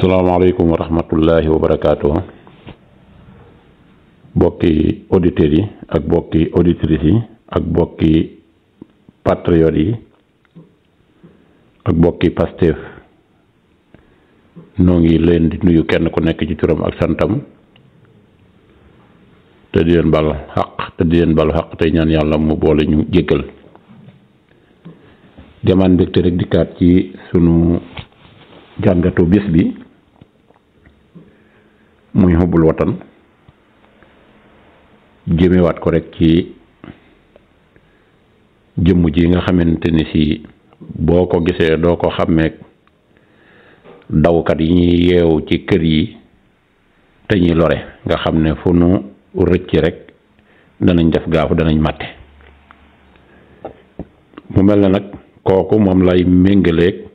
salaamaaleykum wa rahmatullahi wa barakaatu bokki auditeurs yi ak bokki auditrices yi ak bokki patriotes yi ak bokki Pastef noo ngi leen di nuyu kenn ku nekk ci turam ak santam te di leen bal xaq te di leen bal xaq te ñaan yàlla mu boole ñu jéggal demaan mbégte rek dikkaat ci sunu jàngatu bis bi muy xubbul watan jëmewaat ko rek ci jëmm ji nga xamante ni si boo ko gisee doo ko xàmmeek dawkat yi ñuy yeew ci kër yi te ñuy lore nga xam ne fu nu rëcc rek danañ def gaafu danañ màtte mu mel ne nag kooku moom lay méngaleeg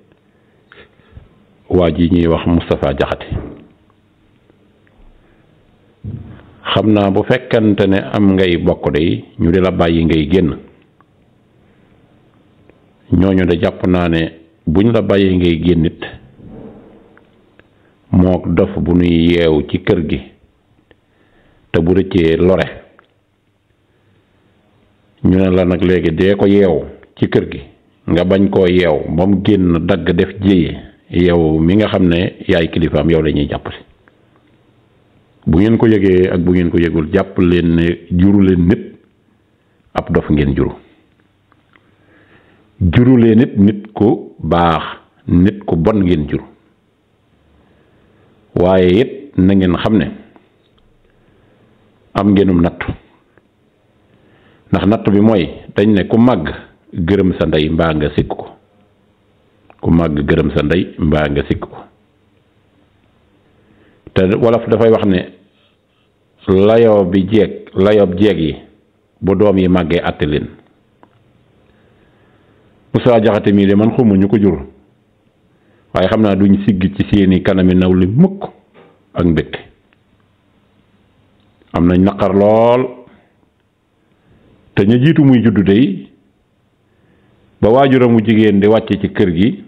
waa ji ñuy wax Moustapha Jaxate xam naa bu fekkante ne am ngay bokk day ñu di la bàyyi ngay génn ñooñu de jàpp naa ne buñ la bàyyi ngay génnit moo dof bu nuy yeew ci kër gi te bu rëccee lore ñu ne la nag léegi dee ko yeew ci kër gi nga bañ koo yeew moom génn dagg def jéye yow mi nga xam ne yaay kilifaam yow lañuy ñuy jàppale bu ngeen ko yëgee ak bu ngeen ko yëgul jàpp leen ne juru leen nit ab dof ngeen juru juru leen nit nit ku baax nit ku bon ngeen juru waaye it na ngeen xam ne am ngeenum nattu ndax natt bi mooy dañ ne ku màgg gërëm sa ndey mbaa nga sikk ko ku màgg gërëm sa ndey mbaa nga sikk ko wolof dafay wax ne layoo bi jeeg layoob jeeg yi bu doom yi màggee àtte leen Moussa Jaxate mii de man xamu ñu ko jur waaye xam naa duñ sigg ci seeni kanami naw li mukk ak mbëkk am nañ naqar lool te ñu jiitu muy juddu dey ba waajuramu jigéen di wàcce ci kër gi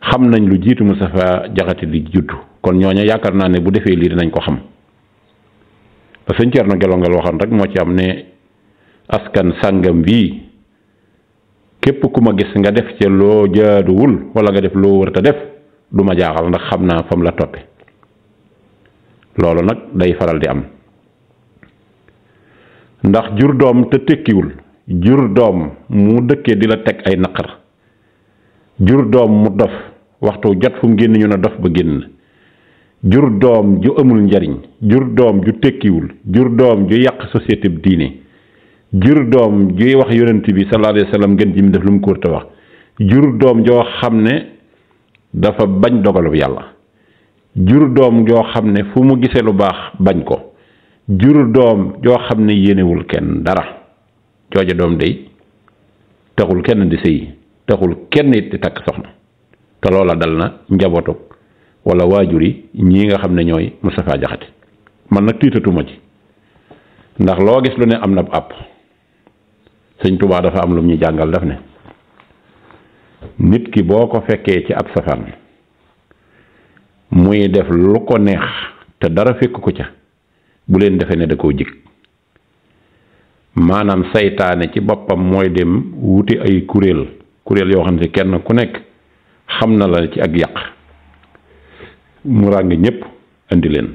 xam nañ lu jiitu Moustapha Jaxate di juddu kon ñooña yaakaar naa ne bu defee lii dinañ ko xam te sëñ Thierno Gelongal waxoon rek moo ci am ne askan sàngam bii képp ku ma gis nga def ca loo jaaduwul wala nga def loo wër te def du ma jaaxal ndax xam naa fam la toppe loolu nag day faral di am ndax jur doom te tekkiwul jur doom mu dëkkee di la teg ay naqar jur doom mu dof waxtu jot fu mu génn ñu ne dof ba génn jur doom ju amul njariñ jur doom ju tekkiwul jur doom ju yàq société bi diine jur doom juy wax yonent bi sallallahu alayhi wa sallam ngeen ji mu def lu mu kóor te wax jur doom joo xam ne dafa bañ dogalu yàlla jur doom joo xam ne fu mu gisee lu baax bañ ko jur doom joo xam ne yéenewul kenn dara jooja doom day taxul kenn di sëy taxul kenn it di takk soxna te loola dal na njabootu wala waajur yi ñii nga xam ne ñooy Moustapha Jaxate man nag tiitatuma ci ndax loo gis lu ne am na àpp sëñ Tuubaa dafa am lu ñuy jàngal daf ne nit ki boo ko fekkee ci ab safaan muy def lu ko neex te dara fekk ko ca bu leen defee ne da koo jig maanaam seytaane ci boppam mooy dem wuti ay kuréel kuréel yoo xam ne kenn ku nekk xam na la ci ak yàq mu ràng ñëpp andi leen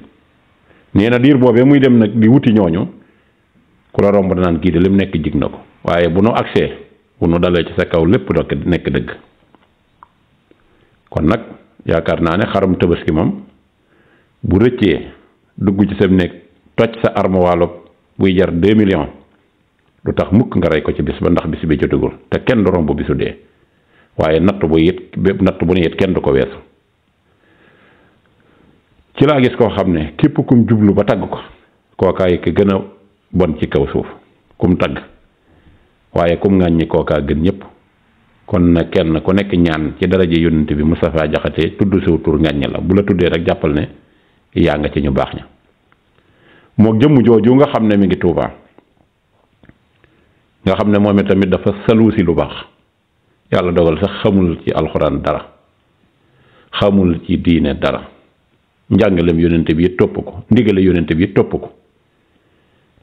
nee na diir boobee muy dem nag di wuti ñooñu ku la romb danaan kii de lim nekk jig na ko waaye bu nu agsee bu nu dalee ci sa kaw lépp dokk nekk dëgg kon nag yaakaar naa ne xarum tabaski moom bu rëccee dugg ci sa néeg toj sa armoire buy jar deux million du tax mukk nga rey ko ci bis ba ndax bis bi jotagul te kenn du romb bisu dee waaye natt bu yit natt bu ne yit kenn du ko weesu ci laa gis koo xam ne képp kum jublu ba tagg ko kookaay ki gën a bon ci kaw suuf kum tagg waaye kum ŋàññi kookaa gën ñëpp kon na kenn ku nekk ñaan ci daraja yonent bi Moustapha Jaxate tudd siw tur ŋàññi la bu la tuddee rek jàppal ne yaa nga ci ñu baax ña moo jëmm jooju nga xam ne mi ngi Tuubaa nga xam ne moom tamit dafa salu si lu baax yàlla dogal sax xamul ci alxuraan dara xamul ci diine dara njàngalem yonent bi it topp ko ndigale yonent bi it topp ko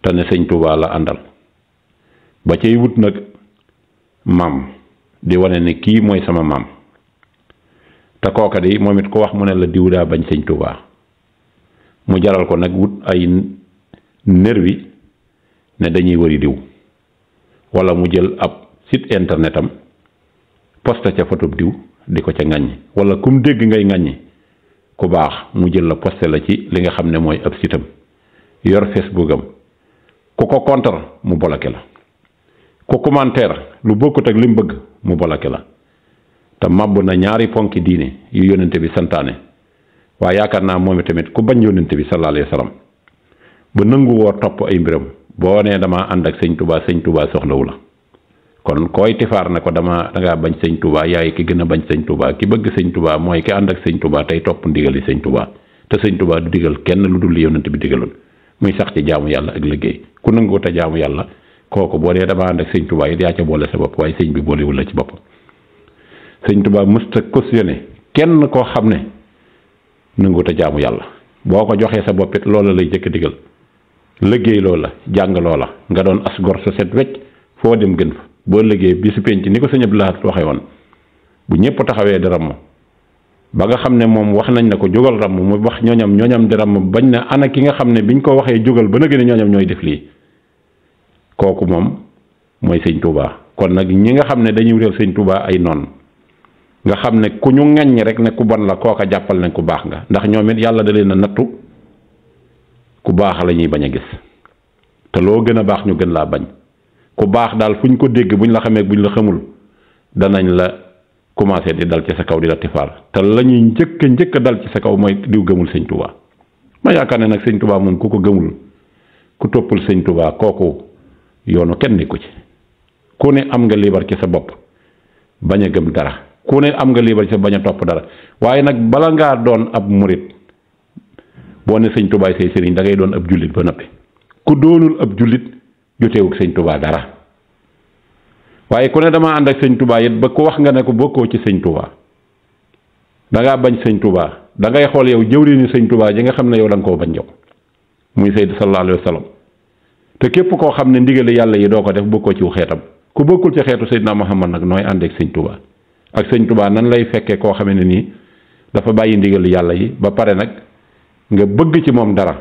te ne sëñ Tuubaa la àndal ba cay wut nag maam di wane ne kii mooy sama maam te kooka di moom it ko wax mu ne la diw daa bañ sëñ Tuubaa mu jaral ko nag wut ay wi ne dañuy wari diw walla mu jël ab sit internet am poste ca fotob diw di ko ca ŋàññi walla kum dégg ngay ŋàññi ku baax mu jël la posté la ci li nga xam ne mooy ab sitam yor facebook am ku ko contre mu bloqué la ku commentaire lu bokkut ak li mu bëgg mu bloqué la te màbb na ñaari ponki diine yu yónnente bi santaane waaye yaakaar naa moom tamit ku bañ yónnente bi sallallahu alayhi wa sallam ba nangu woo topp ay mbiram boo nee damaa ànd ak sëñ tubaa sëñ tubaa soxlawu la kon kooy tifaar na ko dama dangaa bañ sëñ tubaa yaay ki gën a bañ sëñ tubaa ki bëgg sëñ tubaa mooy ki ànd ak sëñ tubaa tey topp ndigali sañ tubaa te sañ tubaa du digal kenn lu dul yonent bi digaloon muy sax ci jaamu yàlla ak liggéey ku nanguwut a jaamu yàlla kooku boo dee dama ànd ak sëñ tubaa it yaa ca boole sa bopp waaye sañ bi boolewul la ci boppam sëñ tubaa mësta cautionné kenn koo xam ne nanguwut a jaamu yàlla boo ko joxee sa bopp it loola lay jëkk digal liggéey loola jàng loola nga doon as sa set wecc foo dem gën boo liggéey bi su penc ni ko sëñ Abdou Lahad waxee woon bu ñëpp taxawee di ramm ba nga xam ne moom wax nañ ne ko jógal ramm mu wax ñooñam ñooñam di ramm bañ na ana ki nga xam ne biñ ko waxee jógal ba na gën a ñooñam ñooy def lii kooku moom mooy sëñ Touba kon nag ñi nga xam ne dañuy réew sëñ Touba ay noon nga xam ne ku ñu ŋaññi rek ne ku bon la kooka jàppal ne ku baax nga ndax ñoom it yàlla da leen a nattu ku baax la ñuy bañ a gis te loo gën a baax ñu gën laa bañ ku baax daal fu ñu ko dégg bu ñu la xamee bu ñu la xamul danañ la commencé di dal ci sa kaw di la tifaal te la ñuy njëkk njëkk dal ci sa kaw mooy diw gëmul sëñ Touba ma yaakaar ne nag sëñ Touba moom ku ko gëmul ku toppul sëñ Touba kooku yoonu kenn nekku ci ku ne am nga liibar ci sa bopp bañ a gëm dara ku ne am nga liibar ci sa bañ a topp dara waaye nag bala ngaa doon ab murit boo ne sëñ Touba say sëriñ da ngay doon ab jullit ba noppi ku doonul joteewul sëñ tubaa dara waaye ku ne damaa ànd ak sëñ tubaa it ba ku wax nga ne ko bokkoo ci sëñ tubaa da bañ sëñ tubaa da ngay xool yow jëwriñu sëñ tubaa ji nga xam ne yow da nga koo bañ yow muy Seydou sallallahu alayhi wa sallam te képp koo xam ne ndigali yàlla yi doo ko def bokkoo ci wu xeetam ku bokkul ci xeetu na Muhammad nag nooy ànd ak sëñ tubaa ak sëñ tubaa nan lay fekkee koo xamee ne nii dafa bàyyi ndigali yàlla yi ba pare nag nga bëgg ci moom dara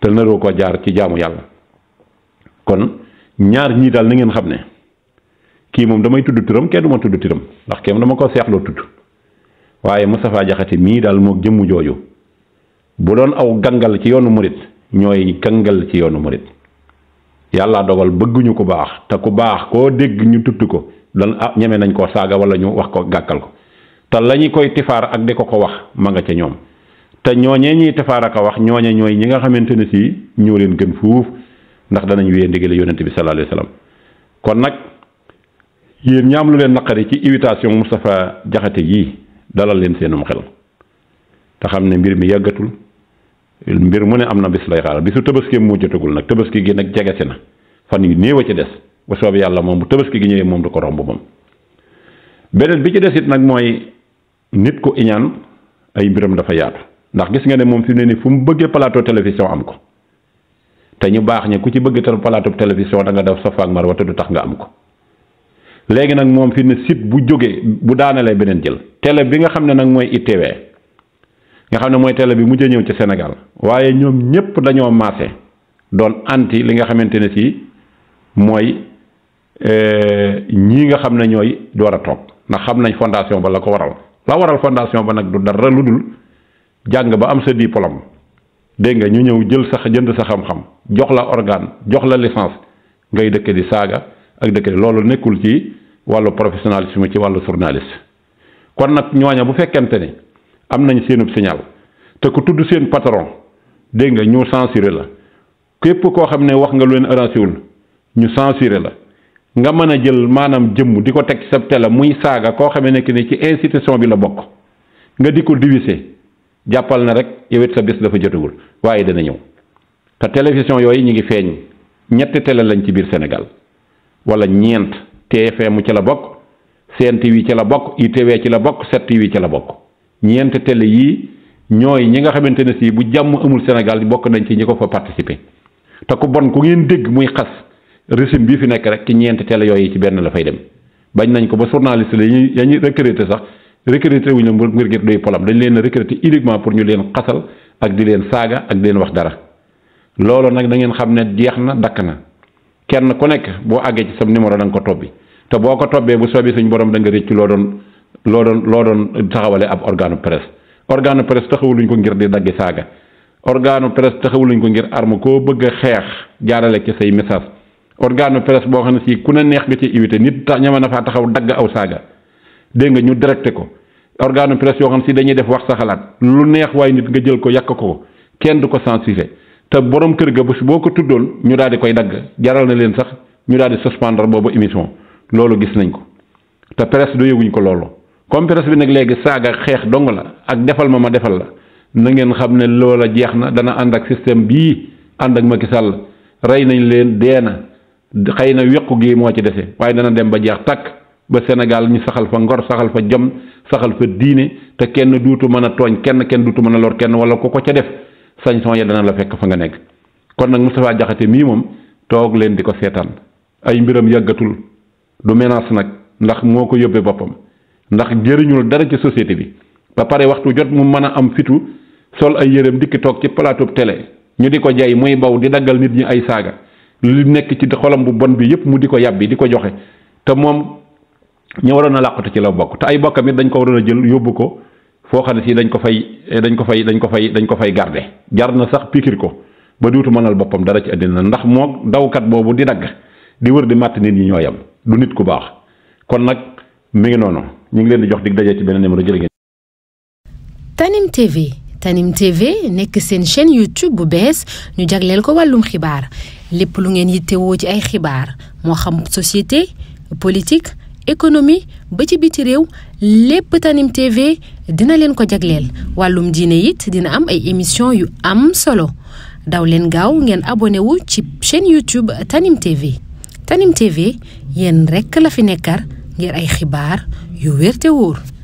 te naroo ko jaar ci jaamu yàlla. kon ñaar ñii daal na ngeen xam ne kii moom damay tudd turam kenn du tudd turam ndax kenn dama ko seexloo tudd waaye Moustapha Diakhaté mii daal moo jëmm jooju bu doon aw gangal ci yoonu murit ñooy gangal ci yoonu murit yàlla dogal bëgguñu ku baax te ku baax koo dégg ñu tudd ko dana ah ñeme nañ koo saaga wala ñu wax ko gàkkal ko te la koy tifaar ak di ko ko wax ma nga ca ñoom te ñooñee ñuy tifaar ak wax ñooñe ñooy ñi nga xamante ne ñoo leen ndax danañ wéyee ndigale yonent bi sallallahu alayhi wa sallam kon nag yéen ñaam lu leen naqari ci invitation Moustapha jaxate yi dalal leen seenum xel te xam ne mbir mi yàggatul mbir mu ne am na bis lay xaaral bisu tabaski mu jotagul nag tabaski gi nag jegese na fan yu néew a ci des ba soobee yàlla moom bu tabaski gi ñëwee moom du ko romb moom beneen bi ci des it nag mooy nit ku iñaan ay mbiram dafa yaatu ndax gis nga ne moom fi mu ne nii fu mu bëggee plateau télévision am ko te ñu baax ña ku ci bëgg tal palaatub télévision da nga def safa ak marwa te du tax nga am ko léegi nag moom fi ne site bu jógee bu daanalee beneen jël télé bi nga xam ne nag mooy ITV nga xam ne mooy télé bi mujjee ñëw ci senegal waaye ñoom ñépp dañoo maase doon anti li nga xamante ne si mooy euh, ñii nga xam ne ñooy door a toog ndax xam nañ fondation ba la ko waral la waral fondation ba nag du dara lu dul jàng ba am sa diplôme dégg nga ñu ñëw jël sax jënd sa xam-xam jox la organe jox la licence ngay dëkk di saaga ak dëkk di loolu nekkul ci wàllu professionnalisme ci wàllu journaliste kon nag ñooña bu fekkente ni am nañ seenub signal te ku tudd seen patron dégg nga ñu censuré la képp koo xam ne wax nga lu leen arrangéwul ñu censuré la nga mën a jël maanaam jëmm di ko teg sa télé muy saaga koo xamee nekk ni ci institution bi la bokk nga di ko diviser jàppal na rek yow it sa bés dafa jotagul waaye dana ñëw te télévision yooyu ñu ngi feeñ ñetti télé lañ ci biir Sénégal wala ñeent TFM ci la bokk Sen TV ci la bokk ITV ci la bokk 7TV ci la bokk ñeent télé yii ñooy ñi nga xamante ne si bu jàmm amul Sénégal bokk nañ ci ñi ko fa participer te ku bon ku ngeen dégg muy xas régime bii fi nekk rek ci ñeenti télé yooyu ci benn la fay dem bañ nañ ko ba journaliste la ñuy recruter sax recruter wuñ la ngir ngir doy leen a recruter uniquement pour ñu leen xasal ak di leen saaga ak di leen wax dara loolu nag da ngeen xam ne jeex na dakk na kenn ku nekk boo àggee ci sa numéro da nga ko tobbi te boo ko tobbee bu soobee suñ borom da nga loo doon loo doon loo doon taxawale ab organe presse organe presse taxawuluñ ko ngir di daggi saaga organe presse taxawuluñ ko ngir arme koo bëgg a xeex jaarale ci say message organe presse boo xam ne sii ku ne neex nga ci invité nit ñama na faa taxaw dagg aw saaga dégg nga ñu directé ko organe de presse yoo xam si dañuy def wax sa xalaat lu neex waaye nit nga jël ko yàq ko kenn du ko censuré te boroom kër ga bu si boo ko tuddoon ñu daal di koy dagg jaral na leen sax ñu daal di suspendre boobu émission loolu gis nañ ko te presse du yëguñ ko loolu comme presse bi nag léegi saaga xeex dong la ak defal ma ma defal la na ngeen xam ne loola jeex na dana ànd ak système bii ànd ak Macky Sall rey nañ leen dee na xëy na wéqu gi moo ci dese waaye dana dem ba jeex tàkk ba Sénégal ñu saxal fa ngor saxal fa jom saxal fa diine te kenn duutu mën a tooñ kenn kenn duutu mën a lor kenn wala ku ko ca def sañ-sañ ya la fekk fa nga nekk kon nag Moustapha Diakhaté mii moom toog leen di ko seetaan ay mbiram yàggatul du menace nag ndax moo ko yóbbee boppam ndax jëriñul dara ci société bi ba pare waxtu jot mu mën a am fitu sol ay yërëm dikki toog ci plateau tele ñu di ko jay muy baw di daggal nit ñi ay saaga li nekk ci xolam bu bon bi yépp mu di ko yàbbi di ko joxe ñu waroon a làqatu ci la bokk te ay bokkam it dañ ko waroon a jël yóbbu ko foo xam ne si dañ ko fay eh, dañ ko fay dañ ko fay dañ ko fay garde jar na sax pikir ko ba duutu mënal boppam dara ci àddina ndax moo dawkat boobu di dagg di wër di màtt nit ñi ñooyam du nit ku baax kon nag mu ngi noonu ñu ngi leen di jox dig daje ci beneen numéro jërë ngeen. Tanim TV Tanim TV nekk seen chaîne YouTube bu bees ñu jagleel ko wàllum xibaar lépp lu ngeen yittewoo ci ay xibaar moo xam société politique. économie ba ci biti réew lépp Tanim TV dina leen ko jagleel wàllum diine it dina am ay émission yu am solo daw leen gaaw ngeen abonné wu ci chaîne YouTube Tanim TV Tanim TV rekk la fi nekkar ngir ay xibaar yu weer te wóor